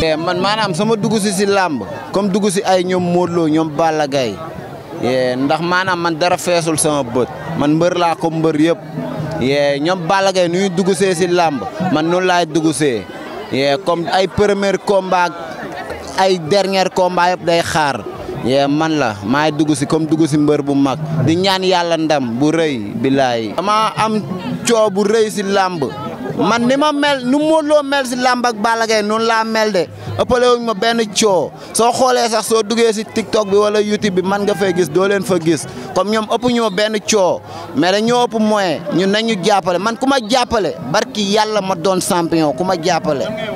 Eh, man maanaam sama dugg si si làmb comme dugg si ay ñoom Modou Lo ñoom Balla Gaye eh, ndax maanaam man dara feesul sama bët man mbër laa ko mbër yëpp eh, ñoom Balla Gaye nu ñuy dugg see si làmb man noonu laay dugg see comme ay premier komba ay dernier komba yëpp day xaar. yee man la maay dugg si comme dugg si mbër bu mag di ñaan yàlla ndam bu rëy billaay dama am coow bu rëy si làmb man ni ma mel nu Modou Lo mel si làmb ak Balla Gaye noonu laa mel de ëppale wuñ ma benn coow soo xoolee sax soo duggee si TikTok bi wala YouTube bi man nga fay gis doo leen fa gis comme ñoom ëpp ñu ma benn coow mais dañoo ëpp moyen ñun nañu jàppale man ku ma jàppale barki yàlla ma doon champion ku ma jàppale